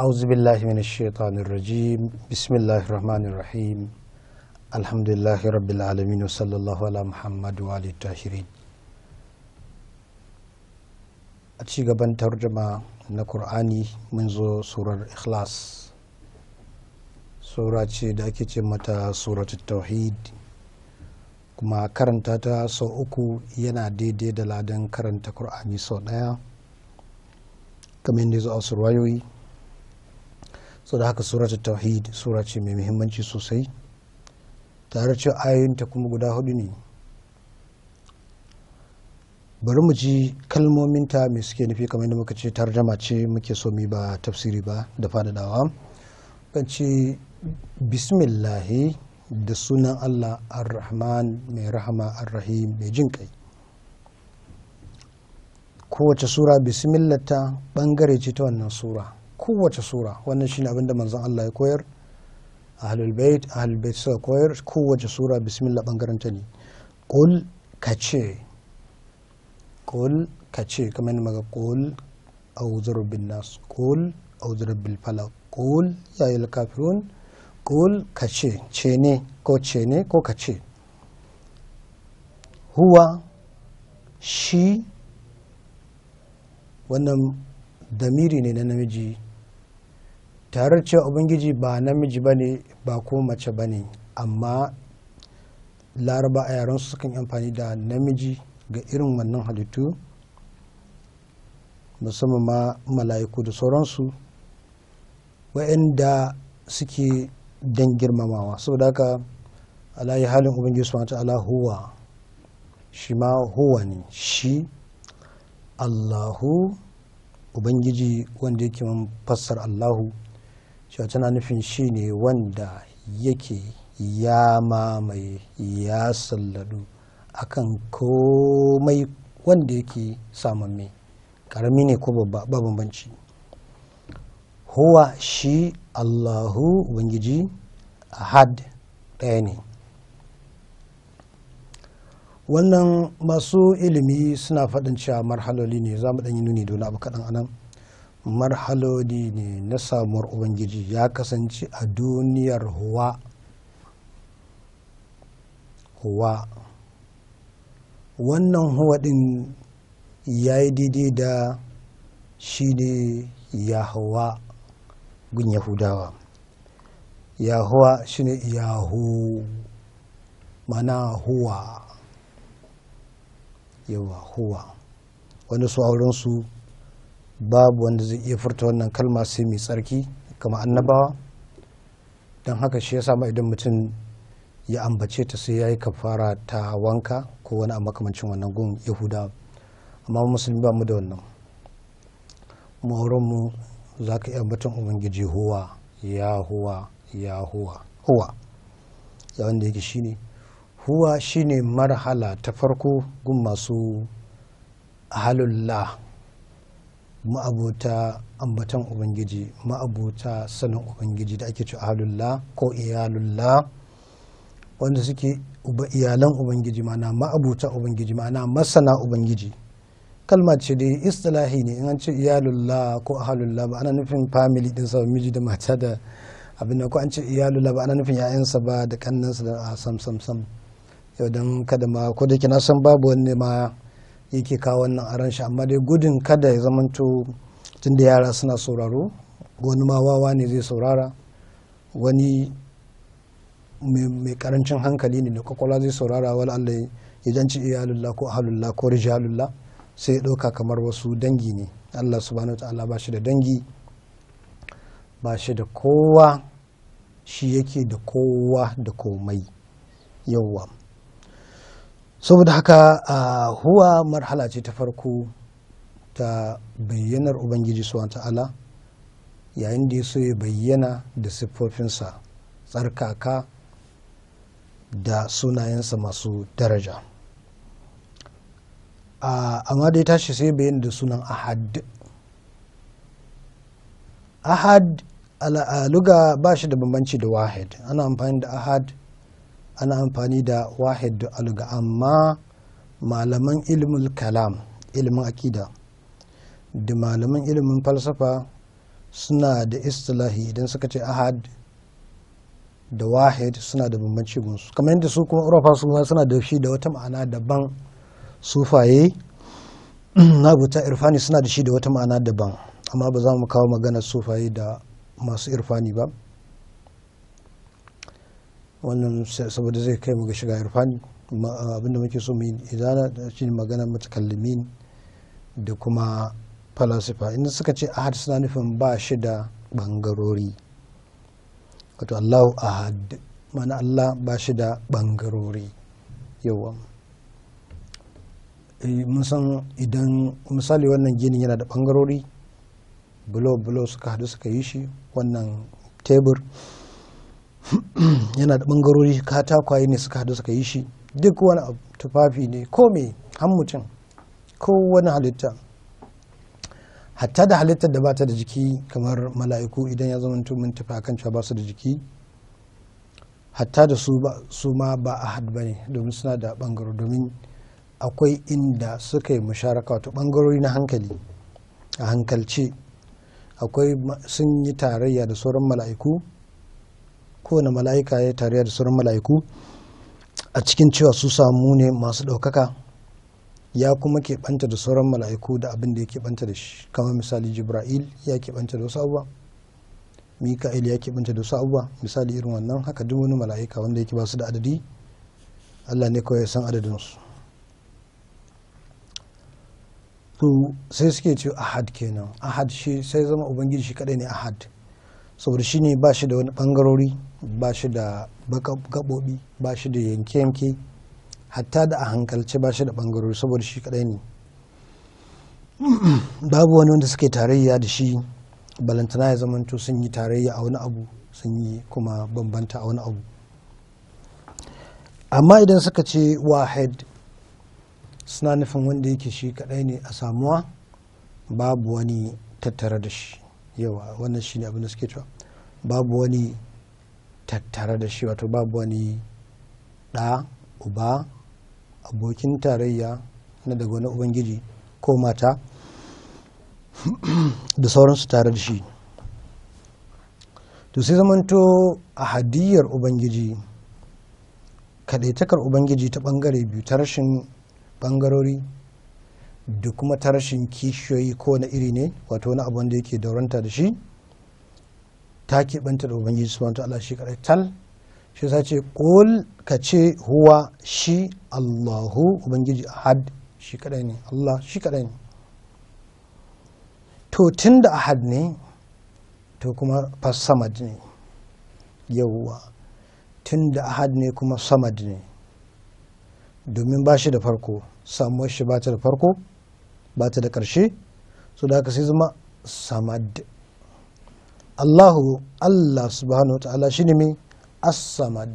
أعوذ بالله من الشيطان الرجيم بسم الله الرحمن الرحيم الحمد لله رب العالمين وصلى الله على محمد وعلى a ci gaban tarjama na kur'ani mun zo surar ikhlas sura ce da ake ce mata suratul tauhid kuma karanta ta sau uku yana daidai da ladan karanta kur'ani sau ɗaya kamar yadda zo a surwayoyi so da haka surata tauhid sura ce mai muhimmanci sosai tare cewa ayoyinta kuma guda hudu ne bari mu ji ta mai suke nufi kamar yadda muka ce tarjama ce muke so mu ba tafsiri ba da fadadawa kan ce bismillahi da sunan allah ar-rahman mai rahama ar-rahim mai jin kai kowace sura bismillata bangare ce ta wannan sura kowace sura wannan shine abin da manzon Allah ya koyar ahlul bait ahlul bait suka koyar kowace sura bismillah bangaren ta ne qul kace qul kace kamar ne maga qul a'udhu bin nas qul a'udhu bil falaq qul ya ayyuhal kafirun qul kace ce ne ko ce ne ko kace huwa shi wannan damiri ne na namiji tare cewa ubangiji ba namiji ba ne ba ko mace ba ne amma laraba a yaran su sukan amfani da namiji ga irin wannan halittu musamman ma mala'iku da sauransu wa'inda suke don girmamawa saboda haka alayi halin ubangiji su ta'ala huwa shi ma huwa ne shi allahu ubangiji wanda yake man fassar allahu cewa na nufin shi ne wanda yake ya mamaye ya a akan komai wanda yake samamme karami ne ko babba bambanci huwa shi allahu ubangiji ahad ɗaya ne wannan masu ilimi suna faɗin cewa marhaloli ne za mu yi nuni da wani abu kaɗan anan marhaloli ne na samuwar ubangiji ya kasance a duniyar huwa huwa wannan huwa din ya yi daidai da shi ne yahuwa gun yahudawa yahuwa shi ne yahu mana huwa yawa huwa wani su aurensu babu wanda zai iya furta wannan kalma sai mai tsarki kama annabawa don haka shi ya ma idan mutum ya ambace ta sai ya yi kafara ta wanka ko wani a makamancin wannan gun yahuda amma musulmi ba mu da wannan mu za ka iya batun ubangiji huwa ya huwa ya huwa huwa ya wanda yake shine huwa shine marhala ta farko gun masu halullah ma'abota ambatan ubangiji ma'abota sanin ubangiji da ake ci ahalullah ko iyalullah wanda suke iyalan ubangiji mana ma'abota ubangiji mana masana ubangiji kalma ce dai istilahi ne in an ce iyalullah ko ahalullah ba ana nufin family din sabon miji da mata da abin da ko an ce iyalullah ba ana nufin ya'yansa ba da kannansa da sam sam sam yau don kada ma ko da kina san babu wani ma yake kawo wannan aran shi amma dai gudun kada ya zamanto tunda yara suna sauraro wani ma wawa ne zai saurara wani mai karancin hankali ne da kwakwala zai saurara wani allah ya janci iyalullah ko ahalullah ko rijalullah sai ya ɗauka kamar wasu dangi ne allah subhanahu ta'ala ba shi da dangi ba shi da kowa shi yake da kowa da komai yawwa saboda haka a huwa marhala ce ta farko ta bayyanar ubangiji suwa ta'ala yayin da ya so ya bayyana da siffofinsa tsarkaka da sunayensa masu daraja amma da ya tashi sai bayyana da sunan ahad ahad a luga ba shi da bambanci da wahid ana amfani da ahad ana amfani da wahid da alga amma malaman ilimin kalam ilimin akida da malaman ilimin falsafa suna da istilahi idan suka ce ahad da wahid suna da bambanci gunsu kamar yadda su kuma urafa su suna da shi da wata ma'ana daban sufaye na buta irfani suna da shi da wata ma'ana daban amma ba za mu kawo magana sufaye da masu irfani ba wannan saboda zai kai mu ga shiga irfani abinda muke so mu yi da shi magana mutakallimin da kuma falasifa inda suka ce ahad suna nufin ba shi da bangarori wato allahu ahad mana allah ba shi da bangarori yawa eh, mun san idan misali wannan ginin yana da bangarori bulo-bulo suka haɗu suka yi shi wannan tebur yana da bangarori katakwaye ne suka hadu suka yi shi duk wani tufafi ne ko me mutum ko wani halitta hatta da halittar da ba ta da jiki kamar mala'iku idan ya zama mun tufa kan cewa ba su da jiki hatta da su ma ba a had ba ne domin suna da bangaro domin akwai inda suka yi musharaka wato ɓangarori na hankali a hankalce akwai sun yi tarayya da sauran mala'iku kowane mala'ika ya tare da sauran mala'iku a cikin cewa su samu ne masu ɗaukaka ya kuma keɓanta da sauran mala'iku da abin da ya keɓanta da shi kamar misali jibra'il ya keɓanta da wasu abubuwa mika'il ya keɓanta da wasu abubuwa misali irin wannan haka duk wani mala'ika wanda ya ba basu da adadi allah ne kawai ya san adadinsu to sai suke ce ahad kenan ahad shi sai zama ubangiji shi kadai ne ahad saboda shi ne ba shi da wani bangarori ba shi da gaɓoɓi ba shi da yanke-yanke hatta da a hankalce ba shi da bangarori saboda shi kaɗai ne babu wani wanda suke tarayya da shi balantana ya zamanto sun yi tarayya a wani abu sun yi kuma bambanta a wani abu amma idan suka ce wahid suna nufin wanda yake shi kaɗai ne a samuwa babu wani tattara da shi yawa wannan shi ne abin da suke cewa babu wani tattare da shi wato babu wani ɗa uba abokin tarayya na daga wani ubangiji ko mata da sauransu tare da shi to sai zamanto a hadiyar ubangiji kaɗaitakar ubangiji ta ɓangare biyu ta rashin ɓangarori da kuma ta rashin kishiyoyi ko na iri ne wato wani abu wanda yake dauranta da shi ta keɓanta da ubangiji wanta allah shi kadai tal shi sa ce qul ka ce huwa shi Allahu ubangiji ahad shi kadai ne Allah shi kadai ne to tun da ahad ne to kuma fasamad ne yawwa da ahad ne kuma samad ne domin ba shi da farko samuwar shi ba ta da farko ba ta da ƙarshe so da haka sai zama samad allahu allah subhanahu wa ta'ala shine mai asamad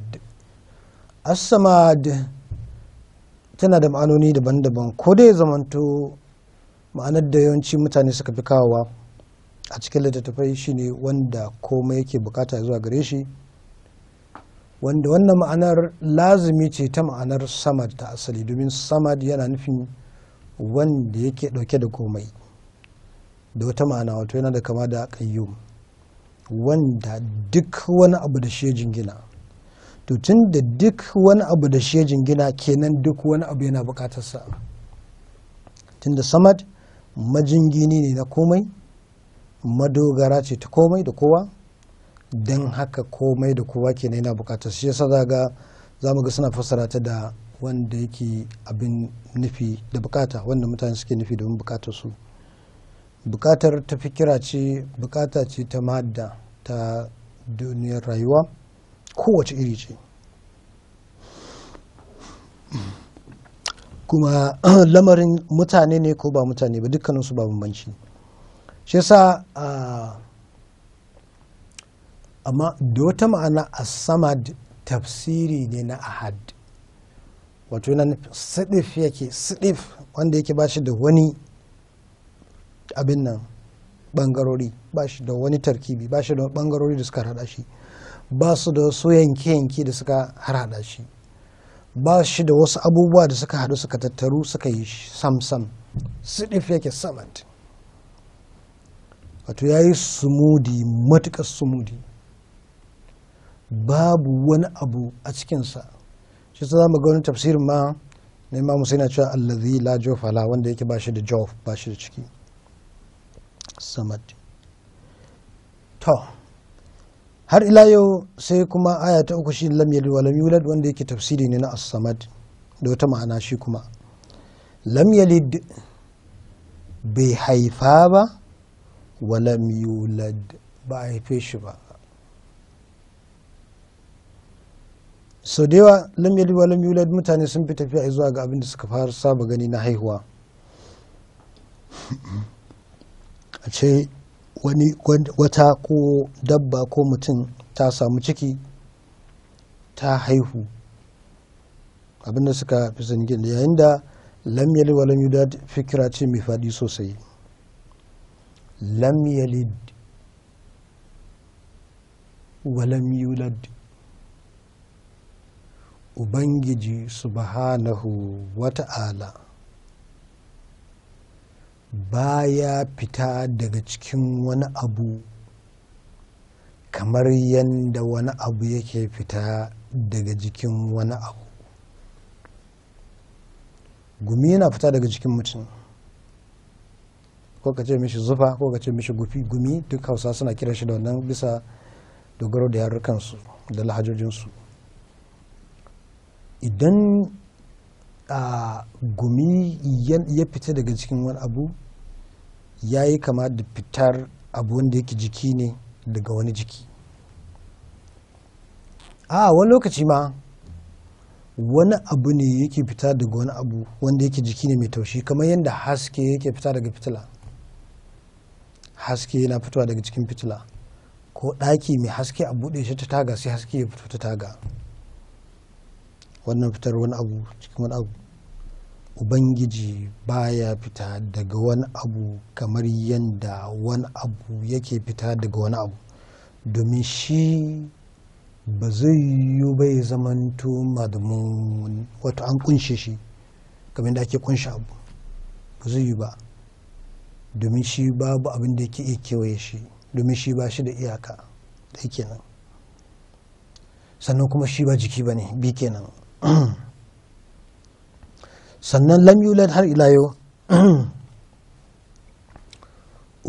tana da ma'anoni daban-daban ko dai zamanto ma'anar da yawanci mutane suka fi kawowa a cikin littattafai shine wanda komai yake bukata zuwa gare shi wanda wannan ma'anar lazumi ce ta ma'anar samad ta asali domin samad yana nufin wanda yake dauke da komai da wata ma'ana wato yana da kama da kayyum wanda duk wani abu da shi jingina to tun da duk wani abu da shi jingina kenan duk wani abu yana bukatarsa tun da samad majingini ne na komai madogara ce ta komai da kowa don haka komai da kowa kenan yana bukatar shi yasa za ga za mu ga suna fassara ta da wanda yake abin nufi da bukata wanda mutane suke nufi domin bukatar su bukatar ta fikira ce bukata ce ta madda ta duniyar rayuwa kowace iri ce kuma lamarin mutane ne ko ba mutane ba dukkaninsu ba bambanci shi sa amma da wata ma'ana a samad tafsiri ne na ahad wato yana sidif yake sidif wanda yake bashi da wani abin nan bangarori ba shi da wani tarkibi ba shi da bangarori da suka hada shi ba su da wasu yanke-yanke da suka harhaɗa shi ba shi da wasu abubuwa da suka haɗu suka tattaru suka yi sam-sam siɗif yake samat wato ya yi sumudi matuƙar sumudi babu wani abu a cikinsa shi ta za mu ga wani tafsirin ma na ma sai na cewa allazi la jofala wanda yake ba shi da jof ba shi da ciki samad to har ila yau sai kuma aya ta uku shi lam yalid wa yulad wanda yake tafsiri ne na as-samad da wata ma'ana shi kuma lam yalid bai haifa ba walam yulad ba a haife shi ba sau da yawa lam yalid wa yulad mutane sun fi tafiya zuwa ga abin da suka fara saba gani na haihuwa a ce wani wata ko dabba ko mutum ta samu ciki ta haihu abinda suka fi zangin yayin da lamyali wa fikira ce mai faɗi sosai lamyali wa lam ubangiji subhanahu wata'ala baya fita daga cikin wani abu kamar yadda wani abu yake fita daga jikin wani abu gumi yana fita daga jikin mutum ko ka ce mishi zufa ko ka ce mishi gufi gumi duk hausa suna kira shi da wannan bisa dogaro da yarukansu da lahajojinsu idan a ah, gumi ya fita daga jikin wani abu ya yi kama da fitar abu wanda yake jiki ne daga wani jiki a wani lokaci ma wani abu ne yake fita daga wani abu wanda yake jiki ne mai taushi kamar yadda haske yake fita daga fitila haske yana fitowa daga cikin fitila ko ɗaki mai haske a buɗe shi ta taga sai haske ya fito ta taga wannan fitar wani abu cikin wani abu ubangiji baya fita daga wani abu kamar yadda wani abu yake fita daga wani abu domin shi ba zai yiwu bai zamanto madamun wato an kunshe shi kamar da ake kunshe abu ba zai yiwu ba domin shi babu abin da yake iya kewaye shi domin shi ba shi da iyaka ɗai kenan sannan kuma shi ba jiki ba ne bi kenan sannan lam yulad har ila yau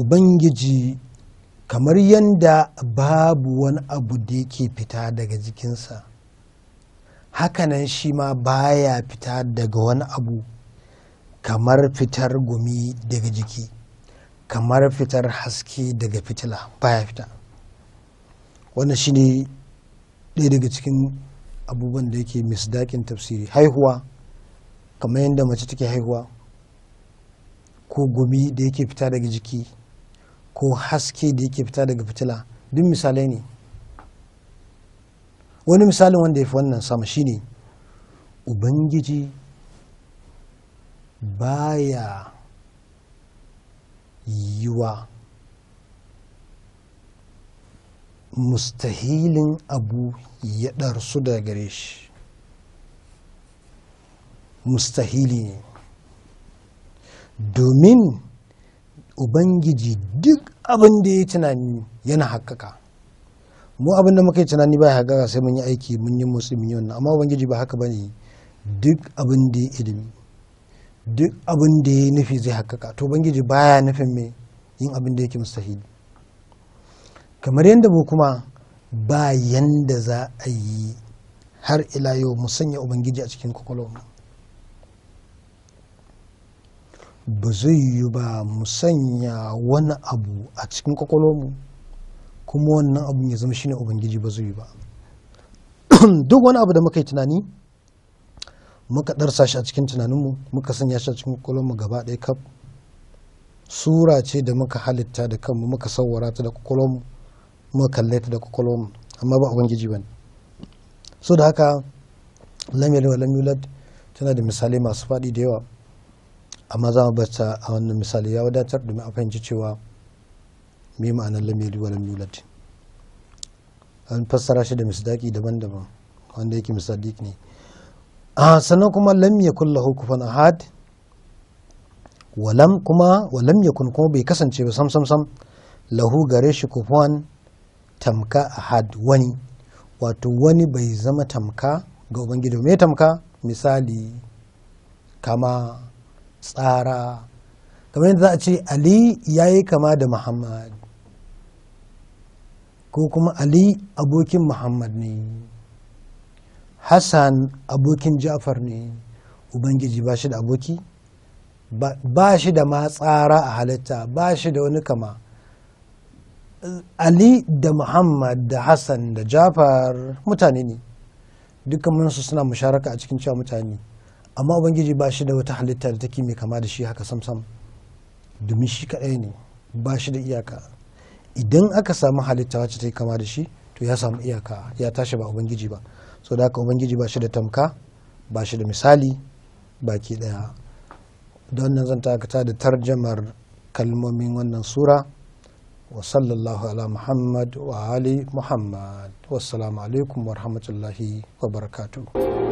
ubangiji kamar yadda babu wani abu da yake fita daga jikinsa hakanan shi ma baya fita daga wani abu kamar fitar gumi daga jiki kamar fitar haske daga fitila baya fita wannan ne ɗaya daga cikin abubuwan da yake misdakin tafsiri haihuwa kamar yadda mace take haihuwa ko gumi da yake fita daga jiki ko haske da yake fita daga fitila duk misalai ne wani misalin wanda ya fi wannan sama shine ubangiji baya yiwa mustahilin abu ya ɗarsu da gare shi mustahili ne domin ubangiji duk abin da ya tunani yana haƙaƙa mu abin da muka yi tunani ba ya haƙaƙa sai mun yi aiki mun yi motsi mun yi wannan amma ubangiji ba haka ba ne duk abin da ya ilimi duk abin da ya nufi zai haƙaƙa to ubangiji baya nufin me yin abin da yake mustahili kamar yadda mu kuma ba yanda za a yi har ila yau mu sanya ubangiji a cikin kwakwalwarmu ba zai yi ba mu sanya wani abu a cikin kwakwalwarmu kuma wannan abun ya zama shi ne ubangiji ba zai yi ba duk wani abu da muka yi tunani muka ɗarsa shi a cikin tunaninmu muka sanya shi a cikin kwakwalwarmu gaba ɗaya kaf sura ce da muka halitta da kanmu muka sawara ta da kwakwalwarmu muka kalle ta da kwakwalwarmu amma ba ubangiji ba ne so da haka lamiyar wa lamiyar tana da misalai masu faɗi da yawa amma za mu bata a wannan misali ya wadatar domin a fahimci cewa mai ma'anar lamiri wa lamulad an fassara shi da misdaki daban-daban wanda yake misali ne ah, sannan kuma lam yakun lahu kufan ahad walam kuma walam kuma bai kasance ba sam sam sam lahu gare shi kufan tamka ahad wani wato wani bai zama tamka ga ubangiji me tamka misali kama tsara kamar yadda za a ce ali ya yi kama da muhammad ko kuma ali abokin muhammad ne hassan abokin jafar ne ubangiji ba shi da aboki ba shi da ma tsara a halitta ba shi da wani kama ali da muhammad da hassan da jafar mutane ne dukkan su suna musharaka a cikin cewa mutane amma ubangiji ba shi da wata halitta da take mai kama da shi haka samsam domin shi kaɗai ne ba shi da iyaka idan aka samu halitta wacce ta kama da shi to ya samu iyaka ya tashi ba ubangiji ba so da haka ubangiji ba shi da tamka ba shi da misali baki ɗaya da wannan zan takata da tarjamar kalmomin wannan sura wa sallallahu ala muhammad wa ali muhammad wassalamu alaikum wa rahmatullahi wa barakatuh